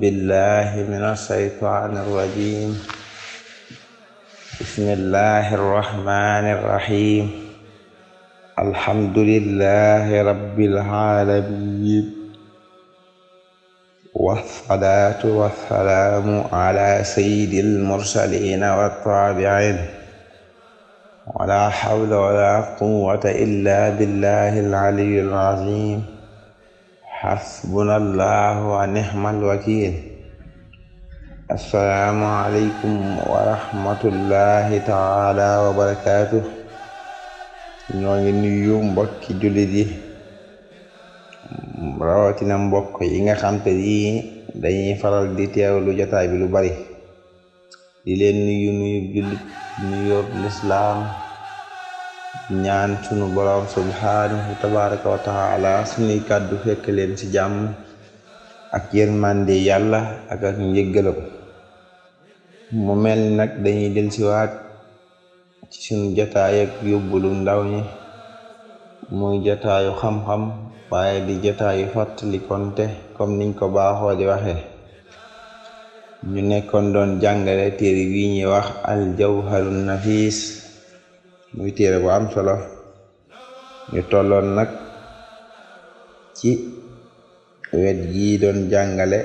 بالله من الشيطان الرجيم بسم الله الرحمن الرحيم الحمد لله رب العالمين والصلاة والسلام على سيد المرسلين والتابعين ولا حول ولا قوة إلا بالله العلي العظيم xasbunallahu wa nixmal wakiil assalaamu aleykum wa taala wa barakaatu ngi nuyu mbokki jullit yi rawatina mbokk yi nga xam te yi dañuy faral di teewlu jotaay bi lu bari di leen nuyu jullit nuyu lislaam ñaan sunu borom subhaanahu tabaraka wa sunuy kàddu fekk leen ci jàmm ak yërmande yàlla ak ak njëggalam mu mel ni nag dañuy delsiwaat ci sunu jataay ak yóbbulu ndaw ñi muy jataayu xam-xam waaye di jataayu fàttali konte comme niñ ko baaxoo di waxee ñu nekkoon doon jàngale téere wi ñuy wax al jawharun nafis muy téere bu am solo ñu tolloon nag ci wet gi doon jàngale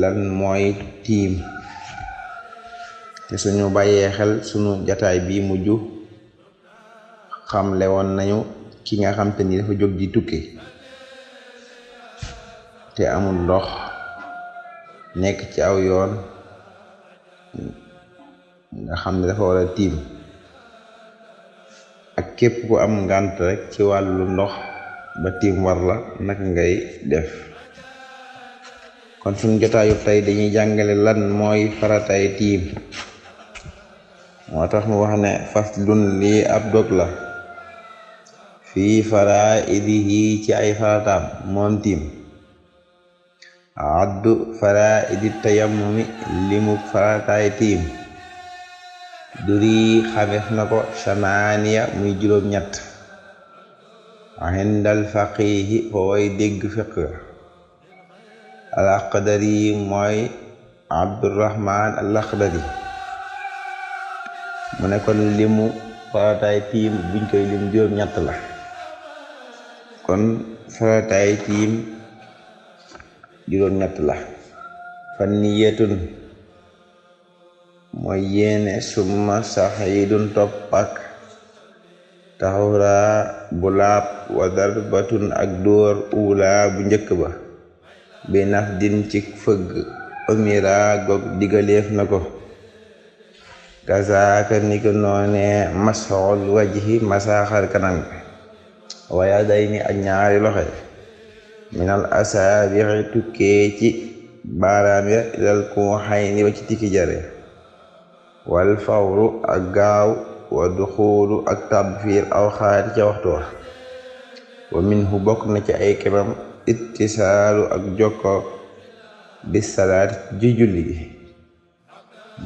lan mooy tiim te suñu bàyyee xel suñu jataay bi mujj xamle woon nañu ki nga xam te ni dafa jóg di tukki te amul ndox nekk ci aw yoon nga xam ne dafa war a tiim képp ku am ngànt rek ci wàllu ndox ba tiim war la naka ngay def kon suñu jotaayu tey dañuy jàngale lan mooy faratay tiim moo tax mu wax ne faslun lii ab dog la fii faraidihi ci ay farataam moom tiim addu faraidi tayammumi limu faratay tiim duri xameef na ko samaaniya muy juróom-ñett indal faqihi fa way dégg fiq al mooy abdurahman al mu ne kon limu farataay tiim buñ koy lim juróom-ñett la kon farataay tiim juróom-ñett la fan niyatun mooy yéene summa saxiidun topp ak taxuraa bu laab wa darbatun ak dóor uulaa bu njëkk ba bi din ci fëgg omira gog digaleef na ko kasaaka ni ko noonee masxol wajhi masaaxar kanam bi waya day ni ak ñaari loxe minal asaabixi tukkee ci baaraam ya ilal ku xay ni ba ci tikki wal fawru ak gaaw wa duxuulu ak tàbb fiir aw xaari ca waxtu wa wa minhu bokk na ci ay kemam ittisaalu ak jokko bi salaat ji julli gi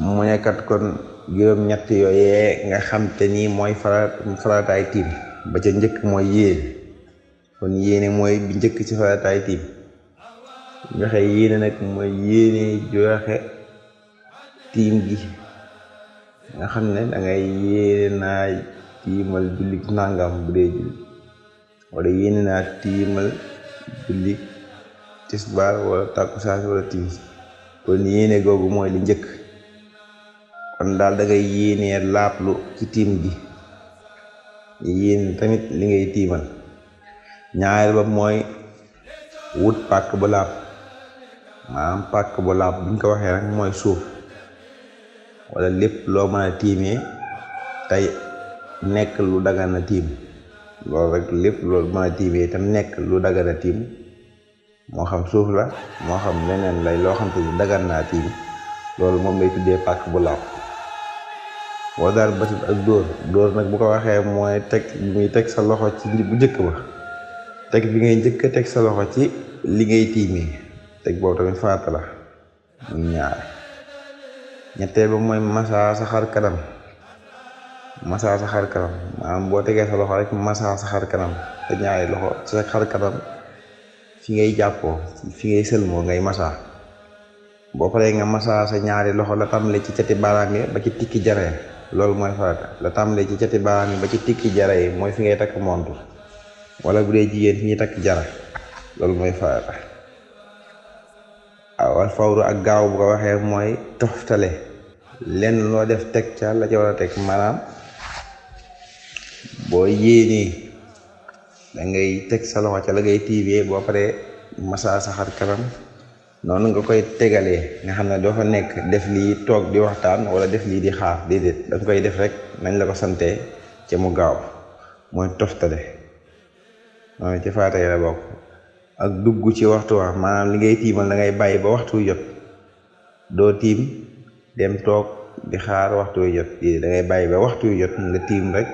mu nekkat kon juróom ñett yooyee nga xam te ni mooy faraat farataay tiim ba ca njëkk mooy yéene kon yéene mooy bi njëkk ci farataay tiim joxe yéene nag mooy yéene joxe tiim gi nga xam ne da ngay yéene tiimal jullit nangam bu dee julli wala yéene naa tiimal jullit tisbaar wala takkusaan wala timis kon yéene googu mooy li njëkk kon daal da ngay yéenee laaplu ci tiim gi yéen tamit li ngay tiimal ñaareel ba mooy wut pàkk bu laab maanaam pàkk bu laab buñ ko waxee rek mooy suuf wala lépp loo mën a tiimee tey nekk lu dagana tiim loolu rek lépp loolu mën a tiimee tam nekk lu dagana tiim moo xam suuf la moo xam leneen lay loo xam te ni dagan tiim loolu moom lay tuddee pàkk bu laaw moo daal basit ak dóor dóor nag bu ko waxee mooy teg muy teg sa loxo ci bu njëkk ba teg bi ngay njëkk a teg sa loxo ci li ngay tiimee teg boobu tamit farata la ñaar ñetteel ba mooy massa sa xar kanam massa sa xar kanam boo tegee sa loxo rek massa sa xar kanam ñaari loxo sa xar kanam fi ngay jàppoo fi ngay sëlmoo ngay massa boo paree nga masaa sa ñaari loxo la tàmbalee ci cati baaraange ba ci tikki jaree loolu mooy farata la tàmbalee ci cati baaraange ba ci tikki jara yi mooy fi ngay takk montu wala bu dee jigéen fi ñuy takk jara loolu mooy farata wal fawru ak gaaw bu ko waxee mooy toftale lenn loo def teg caal la ca war a teg maanaam boo yéenee da ngay teg salo loxo ca la ngay tiibee boo paree masa saxar kanam noonu nga koy tegalee nga xam ne doo fa nekk def lii toog di waxtaan wala def lii di xaar déedéet da nga koy def rek nañ la ko sante ca mu gaaw mooy toftale noonu ci faatay la ak dugg ci waxtu wa maanaam li ngay tiimal da ngay bàyyi ba waxtu jot doo tiim dem toog di xaar waxtu wi jot kii bàyyi ba waxtu wi jot nga tiim rek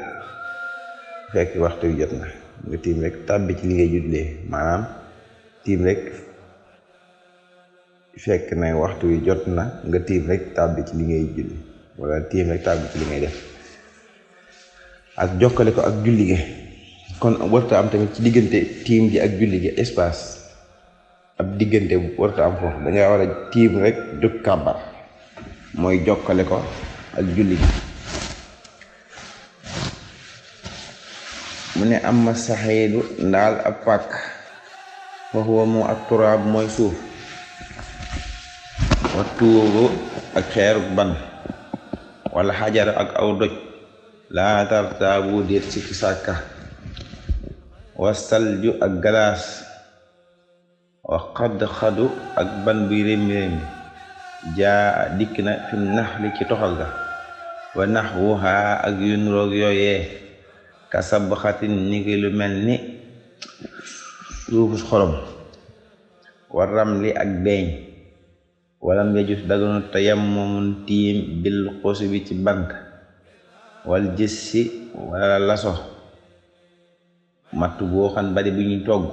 fekk waxtu wi jot na nga tiim ci li ngay jullee maanaam tiim rek fekk na waxtu wi jot na nga tiim rek ci li ngay julli wala tiim rek tàbbi ci li ngay def ak jokkale ko ak julli gi kon warta am tamit ci diggante tiim ji ak julli gi espace ab diggante warta am foofu danga war tiim rek jóg kàbbar mooy jokkale ko ak julli gi mu ne am ma saxiidu ndaal ab pàkk waxuwa moom ak turaab mooy suuf wa tuuru ak xeeru ban wala xajara ak aw doj laa tartaabu déet sikki sàkka wa salju ak galaas wa xad-xadu ak ban buy rémmi rémmi jaa dikk na fi nax ci toxal ga wa nax wuxaa ak yu nuroog yooyee ka sabxatin ni ngi mel ni suufus xorom wa ramli ak beeñ walam yajus daganu tayammumun tiim bil xusu bi ci bank wal jës wala laso matt boo xam bari bu ñu togg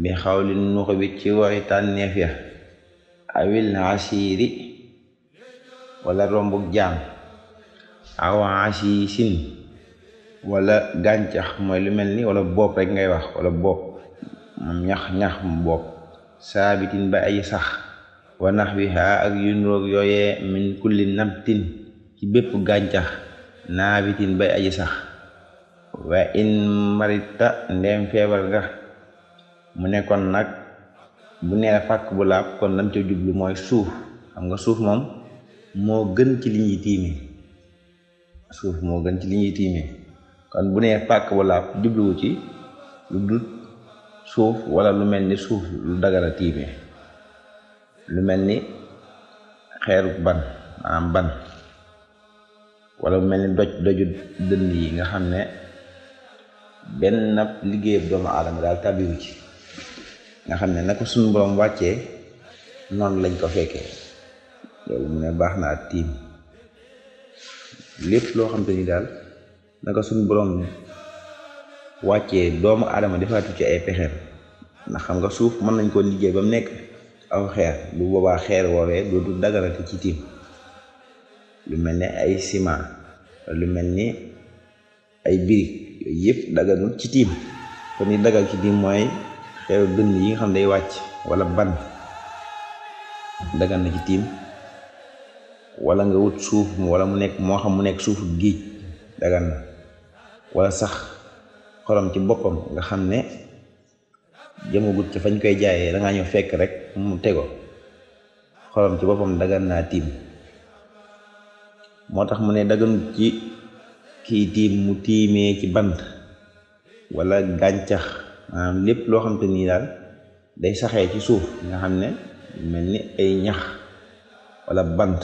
bi xawli nuxu bi ci waxi tànneef ya awil asiiri wala rombug jaam aw asiisin wala gàncax mooy lu mel ni wala bopp rek ngay wala bopp moom ñax ñax mu bopp saabitin ba ay sax wa nax wi haa ak yu nuroog yooyee min kulli nabtin ci bépp gàncax naabitin bay aji sax wa in marita ndeem feebar ga mu ne kon nag bu nee fàkk bu laab kon lam ca jublu mooy suuf xam nga suuf moom moo gën ci li ñuy tiimi gën ci li ñuy kon bu nee fàkk bu laab jubluwu ci lu dut suuf wala lu mel ni suuf lu dagara tiime lu mel ni xeeru ban maanaam ban wala lu mel ni doj doju dënd yi nga xam ne benn liggéeyab doomu adama daal tabiwu ci nga xam ne naka suñu borom wàcce noonu lañ ko fekkee loolu mu ne baax na ak tiim lépp loo xam te ni daal naka suñu borom wàccee doomu aadama defaatu ci ay pexeem ndax xam nga suuf mën nañ koo liggéey ba mu nekk aw xeer bu boobaa xeer woowee dootul daganati ci tiim lu mel ni ay ciment lu mel ni ay birig yooyu yëpp daganul ci tiim kon ni dagal ci tiim mooy xeeru dënn yi nga xam day wàcc wala ban dagan na ci tiim wala nga wut suuf wala mu nekk moo xam mu nekk suufu géej dagan na sax xorom ci boppam nga xam ne jëmagut ci fañ koy jaayee da ngaa ñëw fekk rek mu tego xorom ci boppam dagan naa tiim moo tax mu ne daganut ci kii tiim mu tiimee ci bant wala gàncax maanaam lépp loo xam te nii daal day saxee ci suuf nga xam ne mel ni ay ñax walla bant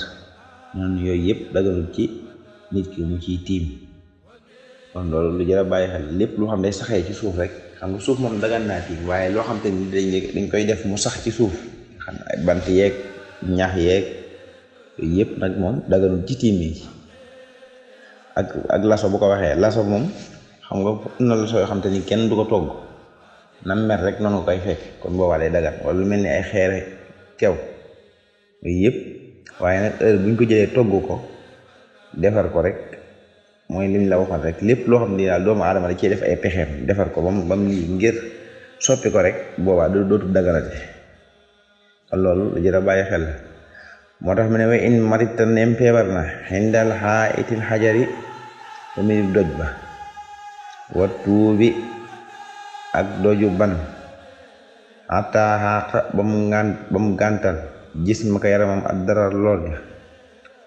noonu yooyu yëpp daganul ci nit ki mu ciy tiim kon loolu lu jar a bàyyi xel lépp loo xam day saxee ci suuf rek xam nga suuf moom dagan naa tiim waaye loo xam te ni dañ koy def mu sax ci suuf xam ne ay bant yeeg ñax yeeg yooyu yëpp nag moom daganul ci tiim yi ak ak laso bu ko waxee laso moom xam nga am na laso yoo xam te ni kenn du ko togg nam mer rek noonu koy fekk kon boobaa day dagat wala lu mel ni ay xeere kew yooyu yëpp waaye nag ko jëlee togg ko defar ko rek mooy liñ ñu la rek lépp loo xam ne daal doomu aadama da cee def ay pexeem defar ko ba mu ba mu ngir soppi ko rek boobaa dootu daganati kon loolu lu jërë xel moo tax mu ne wa in maritan nem feebar na xindal xaa itil xajari te muy doj ba wattuubi ak doju ban ataaxaaqa ba mu gàntal gis ma ko yaramam ak dara lool ya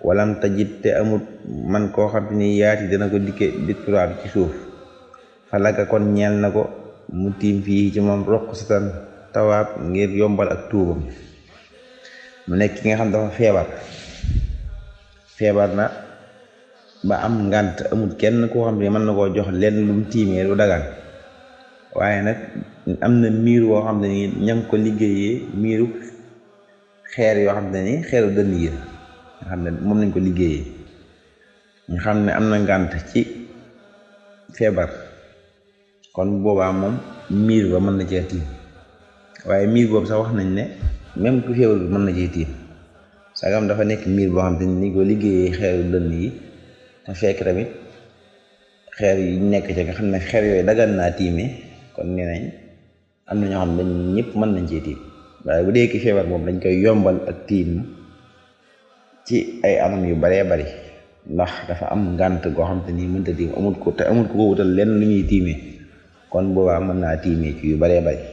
walam tajit te amut man koo xam te ni yaati dana ko dikke di turaab ci suuf falaka kon ñeel na ko mu tiim fii ci moom roq satan tawaab ngir yombal ak tuubam mu nekk ki nga xam dafa feebar feebar na ba am ngànt amut kenn koo xam ne mën na koo jox lenn lu tiimee lu dagan waaye nag am na miir woo xam ne ni ña ko liggéeyee miiru xeer yoo xam ni xeeru dënn yi nga xam ne moom ko liggéeyee nga ne am na ngànt ci feebar kon boobaa moom miir ba mën na cee tiim waaye miir boobu sax wax nañ ne même ku feebar bi mën na cee tiim sagam dafa nekk miir boo xam te ni koo liggéeyee xeeru dënn yi te fekk tamit xeer yi nekk ci nga xam ne xeer yooyu dagan naa tiime kon nee am na ñoo xam ne ñëpp mën nañ cee waaye bu dee ki feebar moom dañ koy yombal ak tiim ci ay anam yu baree bari ndax dafa am ngànt goo xam ni mënta tiim amut ko te ko ko wutal lenn lu ñuy tiimee kon boobaa mën naa tiimee ci yu baree bari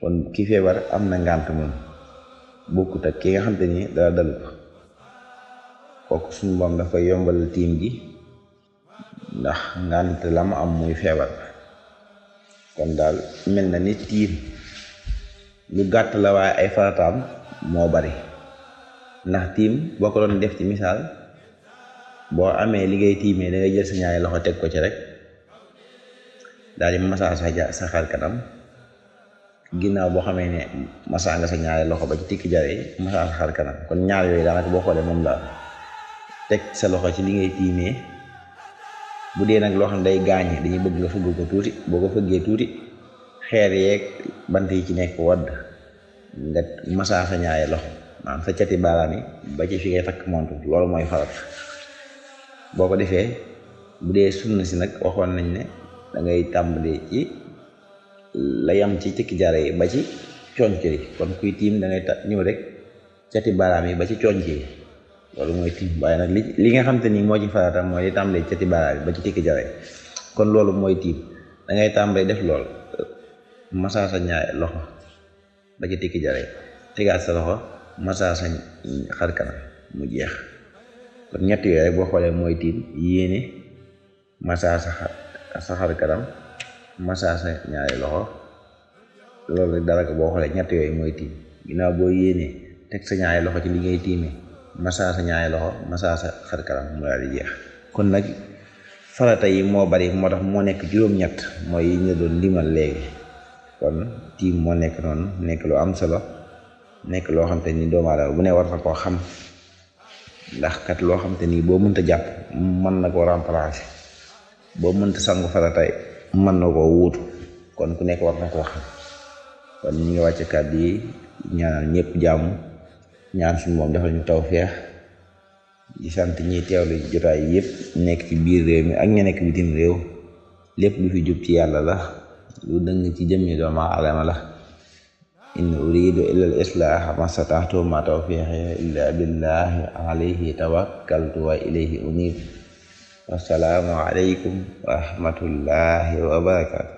kon ki feebar am na ngànt moom bokkut ak ki nga xam te ni dara dal kooku suñu boom dafa yombal tiim gi ndax ngànt la mu am muy feebar kon daal mel na ni tiim lu gàtt la waaye ay farataam moo bari ndax tiim boo ko doon def ci misaal boo amee liggéey ngay tiimee da ngay jël sa ñaari loxo teg ko ci rek daal di masaa sa xar kanam ginnaaw boo xamee ne masaa nga sa ñaari loxo ba ci tikki jare masaa sa xar kanam kon ñaar yooyu daanaka boo xoolee moom la teg sa loxo ci li ngay tiimee bu dee nag loo xam ne day gaañe dañuy bëgg nga fëgg ko tuuti boo ko fëggee tuuti xeer yee bant yi ci nekk wadd masaa sa loxo maanaam sa cati ba ci fi ngay takk montu loolu mooy farat boo ko defee bu dee sunna si nag waxoon nañ ne dangay ngay tàmbali ci la yam ci cëkki jare yi ba ci conc yi kon kuy tiim da ngay ñëw rek cati baaraam yi ba ci conc yi loolu mooy tiim waaye nag li li nga xam te ni moo ci farata mooy di tàmbalee cati baaraam bi ba ci tikki jawe kon loolu mooy tiim da ngay tàmbalee def lool masaa sa ñaari loxo ba ci tikki tegaat sa loxo masaa sa xar kanam mu jeex kon ñett yooyu rek boo xoolee mooy tiim yéene masaa sa sa xar kanam masaa sa ñaari loxo loolu rek dara boo xoolee ñett yooyu mooy tiim ginnaaw boo yéenee teg sa ñaari loxo ci li ngay tiimee masaa sa ñaari loxo masaa sa xar mu daal di jeex kon nag farata yi moo bari moo tax moo nekk juróom-ñett mooy yi ñu doon limal léegi kon tiim moo nekk noonu nekk loo am solo nekk loo xam te ni doomu aadama bu ne war koo xam ndax kat loo xam ni boo mënta jàpp mën na koo remplacer boo mënta sangu farata mën na koo wuutu kon ku nekk war na ko xam kon ñu ngi wàcce yi ñaanal ñëpp jàmm ñaan suñu moom defal ñu tawféex di sant ñiy teewlu jotaay nekk ci biir réew mi ak ña nekk bitim réew lépp fi jub ci yàlla la lu dëng ci jëmmi doomu aadama la in uridu illa al islaax ma sataxtu ma tawfiqi illa billahi alayhi tawakkaltu wa ilayhi unib wassalaamu alaykum wa rahmatullahi wa barakatu